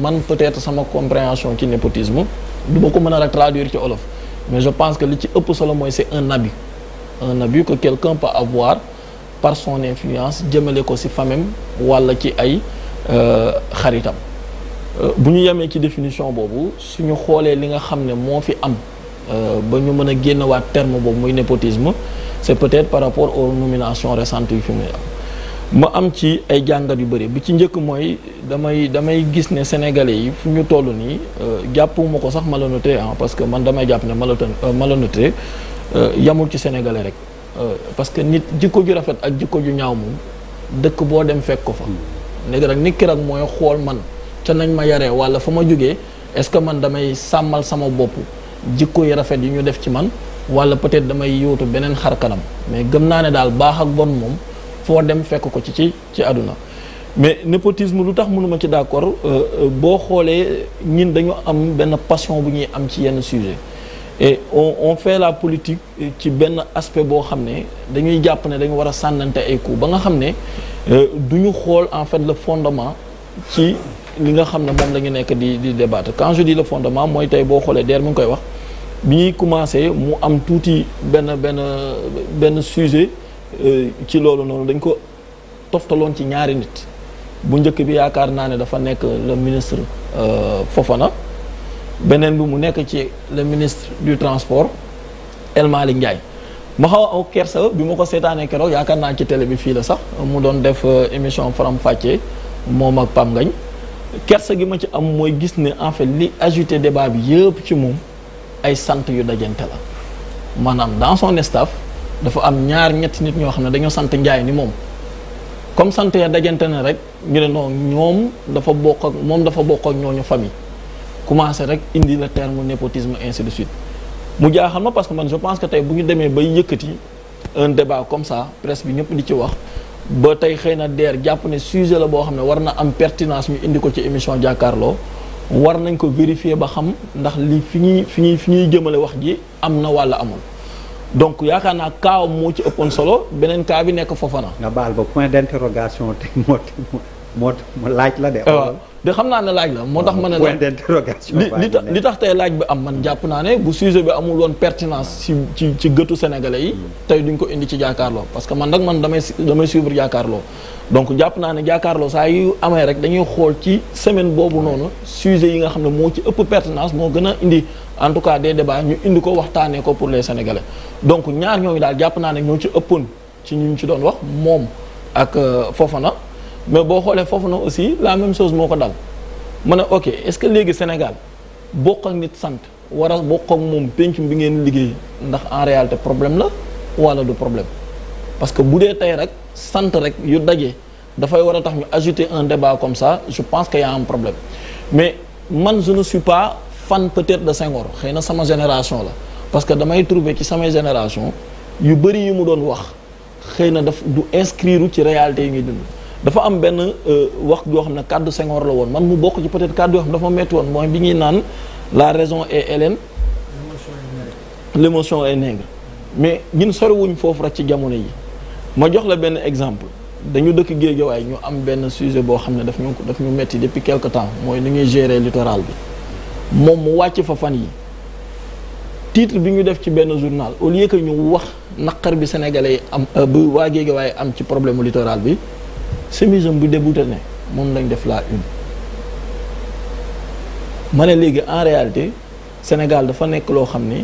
man peut-être sama compréhension ci népotisme du ma ko mën a rek traduire ci olof mais je pense que li ci ëpp solo mooy c'est un abus un abus que quelqu'un peut avoir par son influence jëmale ko si famem walla ci ay euh, xaritam euh, bu ñu yemee ci définition boobu su ñu xoolee li nga xam ne moo fi am euh, ba ñu mën a génnewaat terme boobu muy népotisme c'est peut-être par rapport aux nominations récentes yu fi muy am ma am ci ay jàngat yu bëri bi ci njëkk mooy damay damay gis ne sénégalais yi fu ñu toll nii euh, jàppuma ko sax malhonnêteté ah parce que man damay jàpp ne malhonnêteté euh, euh, yamul ci sénégalais rek parce que nit jikko ju rafet ak jikko ju ñaaw moom dëkk boo dem fekk ko fa léegi nag nit ki mooy xool man ca nañ ma yaree walla fa ma jógee est-ce que man damay sàmmal sama bopp jikko yi rafet yi ñu def ci man walla peut-être damay yootu beneen xar kanam mais gëm naa ne daal baax ak bon moom foo dem fekk ko ci ci ci àdduna mais népotisme lu tax mënuma ci d'accord euh, euh, boo xoolee ñun dañu am benn passion bu ñuy am ci yenn sujet et on on fait la politique ci benn aspect boo xam ne dañuy jàpp ne dañu war a sànnante ay coups ba nga xam ne euh, du ñu xool en fait le fondement ci li nga xam ne moom la nekk di di débattre quand je dis le fondement mooy tey boo xoolee der mi ngi koy wax bi ñuy commencé mu am tuuti benn benn benn sujet Euh, ci loolu noonu dañ ko toftaloon ci ñaari nit bu njëkk bi yaakaar naa ne dafa nekk le ministre euh, Fofana beneen bi mu nekk ci le ministre du transport El Malick Ndiaye ma xaw aw kerse bi ma ko seetaanee keroog yaakaar naa ci télé bi fii la sax mu doon def euh, émission faram fàccee moom ak Pam Ngañ kerse gi ma ci am mooy gis ne en fait li ajouté débat bi yëpp ci moom ay sant yu dajante la maanaam dans son staff dafa am ñaar ñetti nit ñoo xam ne dañoo sant njaay ni moom comme sant ya dajante na rek ñu ne non ñoom dafa bokk ak moom dafa bokk ak ñooñu famille commencé rek indi le terme népotisme ainsi de suite mu jaaxal ma parce que man je pense que tey bu ñu demee bay yëkkati un débat comme ça presse bi ñëpp di ci wax ba tey xëy na deer jàpp ne sujet la boo xam ne war na am pertinance ñu indi ko ci émission jàkkaarloo war nañ ko vérifier ba xam ndax li fi ñuy fi ñuy fi ñuy jëmale wax ji am na walla amul donc yaakaar naa kaawam moo ci ëppoon solo beneen kaa bi nekk Fofana. nga baal ba point d'interrogation te moo moo laaj la de. de xam naa ne laaj la moo tax ma ne. point d'interrogation li tax li tax tey laaj bi am man jàpp naa ne bu sujet bi amul woon pertinence ci ci ci gëtu sénégalais yi. Mm. tey duñ ko indi ci jàkkaarloo parce que man nag man damay damay suivre jàkkaarloo. donc jàpp naa ne jaakaarloo saa yu amee rek dañuy xool ci semaine boobu noonu sujet yi nga xam ne moo ci ëpp pertinence moo gën a indi. en tout cas des débats ñu indi ko waxtaanee ko pour les sénégalais donc ñaar ñooñu daal jàpp naa ne ñoo ci ëppoon ci ñu ci doon wax moom ak euh, Fofana mais boo xoolee Fofana aussi la même chose moo ko dal ma ne ok est-ce que léegi Sénégal bokk ak nit sant war a bokk ak moom pencum bi ngeen liggéey ndax en réalité problème la wala du problème parce que bu dee tey rek sant rek yu daje dafay war a tax ñu ajouter un débat comme ça je pense que y a un problème mais man je pas. fan peut de Senghor xëy na sama génération la parce que damay trouver ci samay génération yu bëri yu mu doon wax xëy na daf du inscrire ci réalité yi ñuy dund dafa am benn euh, wax yoo xam ne kàddu Senghor la woon man mu bokk ci peut-être kàddu yoo xam ne dafa metti woon mooy bi ñuy naan la raison est hélène l'émotion est nègre mais ñun soriwuñ foofu rek ci jamono yi ma jox la benn exemple dañu dëkk Guédiawaye ñu am benn sujet boo xam ne daf ñu daf ñu metti depuis quelque temps mooy ni ñuy gérer littoral bi moom mu wàcc fa fan yi titre bi ñu def ci benn journal au lieu que ñu wax naqar bi sénégalais am euh, bu waa waaye am ci problème mu bi chemise bu débouté ne moom lañ def la une ma ne léegi en réalité Sénégal dafa nekk loo xam ne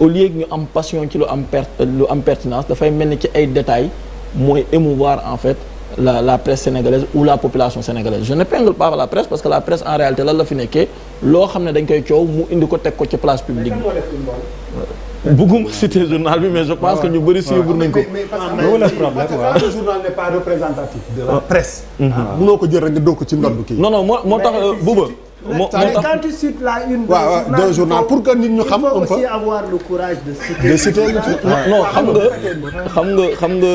au lieu ñu am passion ci lu am perte lu am pertinence dafay mel ni ci ay détails mooy émouvoir en fait la la presse sénégalaise ou la population sénégalaise je n'épingle pas la presse parce que la presse en réalité lan la fi nekkee loo xam ne dañ coow mu indi ko teg ko ci place publique bi. bëgguma citer journal bi mais je pense que ñu bëri suivre nañ ko. mais parce de la ah. presse. mënoo mhm. ah, ko jël rek nga doo ko moo tax Bouba. moo tax pour que nit ñu xam nga xam nga xam nga.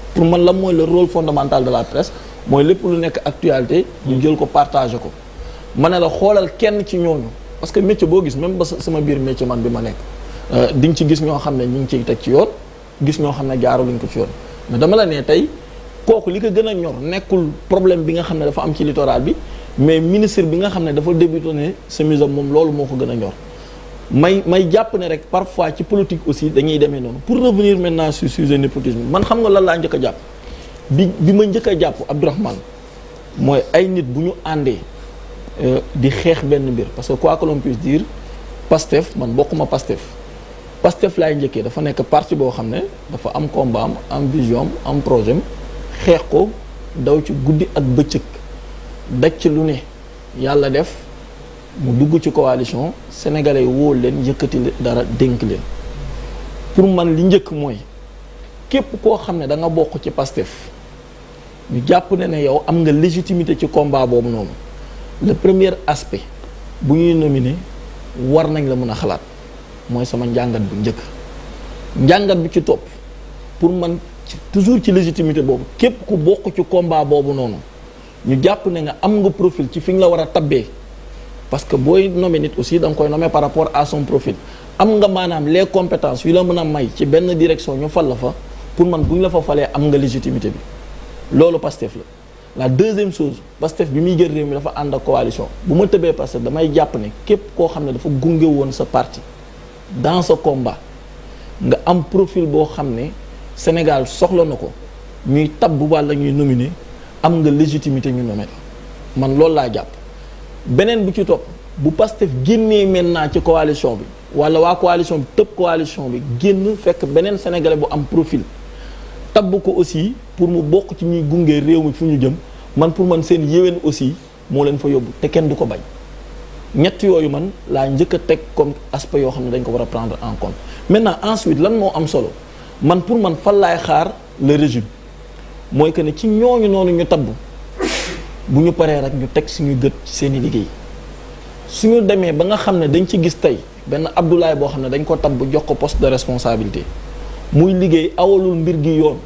pour man la mooy le rôle fondamental de la presse mooy lépp lu nekk actualité. ñu jël ko partagé ko. ma ne la xoolal kenn ci ñooñu parce que métier boo gis même ba sama biir métier man bi ma nekk euh, di nga ci gis ñoo xam ne ñu ngi ciy teg ci yoon gis ñoo xam ne jaaroo jaaraluñ ko ci yoon mais dama la nee tey kooku li ko gën a ñor nekkul problème bi nga xam ne dafa am ci littoral bi mais ministre bi nga xam ne dafa débuté ne semise moom loolu moo ko gën a ñor. may may jàpp ne rek parfois ci politique aussi dañuy demee noonu pour revenir maintenant sur sujet népotisme man xam nga lan laa njëkk jàpp bi bi ma njëkk a jàpp Abdourahmane mooy ay nit bu ñu àndee euh, di xeex benn mbir parce que quoi que l'on puisse dire man bokkuma Pastef Pastef laay njëkkee dafa nekk parti boo xam ne dafa am combat am am vision am projet xeex ko daw ci guddi ak bëccëg daj ci lu ne yàlla def mu dugg ci coalition sénégalais woo leen yëkkati dara dénk leen pour man li njëkk mooy képp koo xam ne da nga bokk ci Pastef ñu jàpp ne ne yow am nga légitimité ci combat boobu noonu le première aspect bu ñuy nominer war nañ la mën a xalaat mooy sama njàngat bu njëkk njàngat bu ci topp pour man toujours ci légitimité boobu képp ku bokk ci combat boobu noonu ñu jàpp ne nga am nga profil ci fi nga la war a tabbee parce que booy nommé nit aussi da nga koy nommé par rapport à son profil am nga maanaam les compétences yu la mën a may ci benn direction ñu fal la fa pour man bu ñu la fa falee am nga légitimité bi loolu Pastef la la deuxième chose Pastef bi muy jël réew mi dafa ànd ak coalition bu ma tëbee Pastef damay jàpp ne képp koo xam ne dafa gunge woon sa parti dans ce combat nga am profil boo xam ne Sénégal soxla na ko ñuy tabb walla ñuy nominer am nga légitimité ñu man loolu laa jàpp beneen bu ci topp bu Pastef génnee maintenant ci coalition bi wala waa coalition bi tëb coalition bi génn fekk beneen sénégalais bu am profil tabb ko aussi pour mu bokk ci ñuy gunge réew mi fu ñu jëm man pour man seen yéwén aussi moo leen fa yóbbu te kenn du ko bañ ñett yooyu man laa njëkk a teg comme aspect yoo xam ne dañ ko war a prendre en compte maintenant ensuite lan moo am solo man pour man fan laay xaar le régime mooy que ne ci ñooñu noonu ñu tabb bu ñu paree rek ñu teg suñu gët seeni liggéey suñu demee ba nga xam ne dañ ci gis tey benn Abdoulaye boo xam ne dañ ko tab bu jox ko poste de responsabilité muy liggéey awalul mbir gi yoon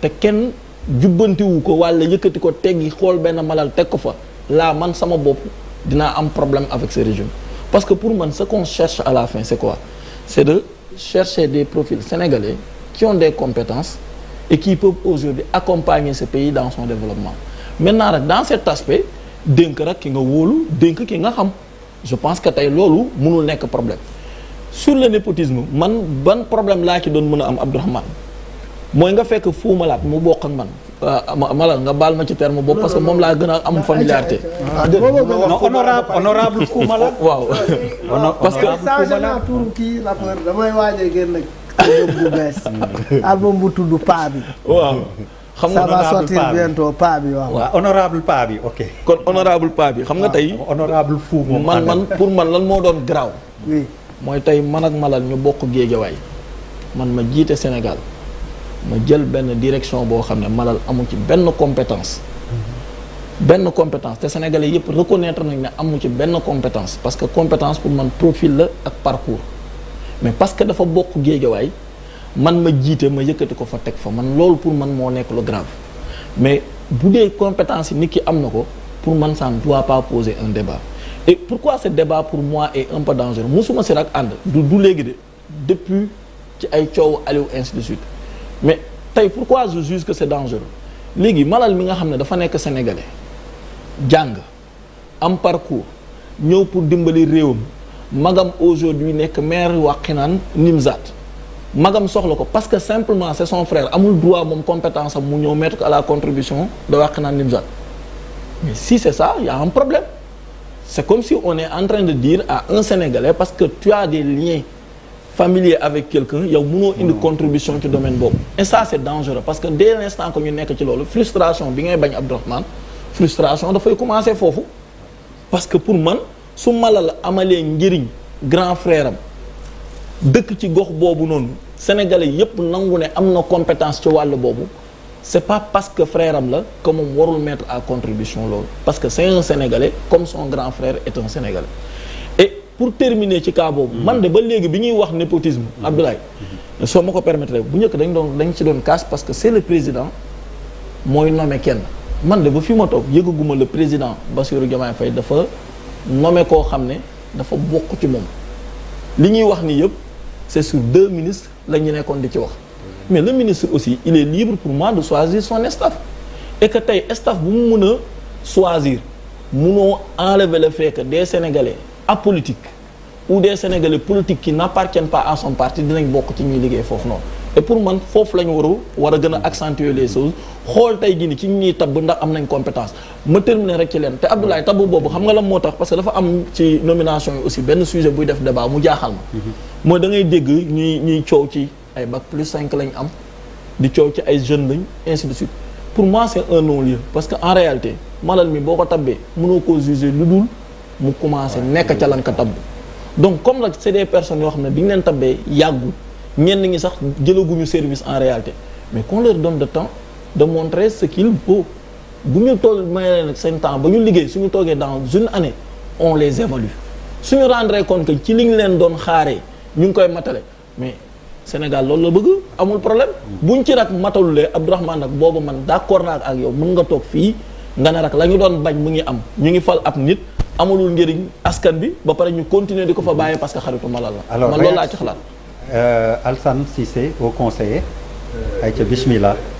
te kenn jubbantiwu ko walla yëkkati ko teggi xool benn malal teg ko fa laa man sama bopp dinaa am problème avec ce régime parce que pour man ce qu'on à la fin c'est quoi c'est de chercher des profils sénégalais qui ont des compétences et qui peuvent aujourd'hui accompagner ce pays dans son développement maintenant rek dans cet aspect dénk rek ki nga wóolu dénk ki nga xam je pense que tey loolu mënul nekk problème sur le népotisme man ban problème laa ci doon mën a am Abdourahmane mooy nga fekk fu Malade mu bokk ak man malal nga baal ma ci terme boobu parce que moom laa gën a am familiarité non honorable honorable Fou Malade waaw parce que pour kii rappeur damay waaj a bu bees album paa waaw xam nga honorable ça va pa bi waaw. honorable pa bi kon honorable pa bi xam nga ah, tey. honorable fu moom man man pour man lan moo doon garaaw. oui mooy tey man ak Malal ñu bokk géejawaay man ma jiite Sénégal ma jël benn direction boo xam ne Malal amu ci benn compétence. benn compétence te sénégalais yëpp reconnaître nañ ne amu ci benn compétence parce que compétence pour man profil la ak parcours mais parce que dafa bokk géejawaay. man ma jiite ma yëkkati ko fa teg fa man loolu pour man moo nekk lu grave mais bu dee compétence yi nit ki am na ko pour man ça ne doit pas poser un débat et pourquoi ce débat pour moi est un peu dangereux mosuma si rak ànd du du léegi de depuis ci ay coowu Aliou ainsi mais tey pourquoi je juge que c'est dangereux léegi malal mi nga xam ne dafa nekk sénégalais jàng am parcours ñëw pour dimbali réewam magam aujourd'hui nekk maire naan Nimzaat magam soxla ko parce que simplement c'est son frère amul droit moom compétence am mu ñëw mettre ko à la contribution de Wakhinane Nimzatt mais si c'est ça y am problème c'est comme si on est en train de dire à un Sénégalais parce que tu as des liens familier avec quelqu'un yow mënoo indi contribution ci domaine boobu et ça c'est dangereux parce que dès l'instant que ñu nekk ci loolu frustration bi ngay bañ Abdourahmane frustration dafay commencer foofu parce que pour man su ma la amalee njëriñ grand frère dëkk ci gox boobu noonu sénégalais yépp nangu ne am na compétence ci wàll boobu c'est pas parce que frère la que moom warul mettre à contribution loolu parce que c'est un comme son grand frère est un sénégalais et pour terminer ci cas boobu man de ba léegi bi ñuy wax népotisme Abdoulaye soo ma ko permettre bu njëkk dañ doon dañ ci doon casse parce que c'est le président mooy nommé kenn man de ba fi ma toog yëgaguma la président Bassirou Diomaye Faye dafa nommé koo xam ne dafa bokk ci moom li ñuy wax ni yëpp c'est sur deux ministres la ñu nekkoon di ci wax mais le ministre aussi il est libre pour moi de choisir son staff et tey staff bu mu mun a choisir munoo enlever le fait que des sénégalais politique ou des sénégalais politiques qui n'appartiennent pas à son parti dinañ bokk ci ñuy liggéey foofu noonu et pour man foofu la ñu waru war a gën a accentuer les choses xool tey jii ni ci ñuy tabb ndax am nañ compétence ma terminer rek ci leen te Abdoulaye tabb boobu xam nga la moo tax parce que dafa am ci nomination yi aussi benn sujet buy def débat mu jaaxal ma mhm. mooy dangay ngay dégg ñuy ñuy coow ci ay bac plus 5 lañ am di coow ci ay jeunes lañ ainsi de suite pour moi c'est un non-lieu parce que en réalité malal mi boo ko tabbee mënoo ko juger lu dul mu commencé nekk ca lan ko comme nag c'est des personnes yoo xam ne bi ñu leen tabbee yàggul ñenn ñi sax jëlaguñu service en réalité mais qu'on leur donne de temps de montrer ce qu'il vaut bu ñu toll may leen seen temps ba ñu liggéey suñu toogee dans jeune année on les évalue suñu rendre compte ci li ñu leen doon xaaree ñu ngi koy matale mais Sénégal loolu la bëgg amul problème buñ ci rak matalulee Abdourahmane nag boobu man d'accord naa ak yow mën nga toog fii nga ne rak la ñu doon bañ mu ngi am ñu ngi fal ab nit amalul njëriñ askan bi ba pare ñu continuer di ko fa bàyyee Euh, alsan Cissé au conseiller. ayca bismillah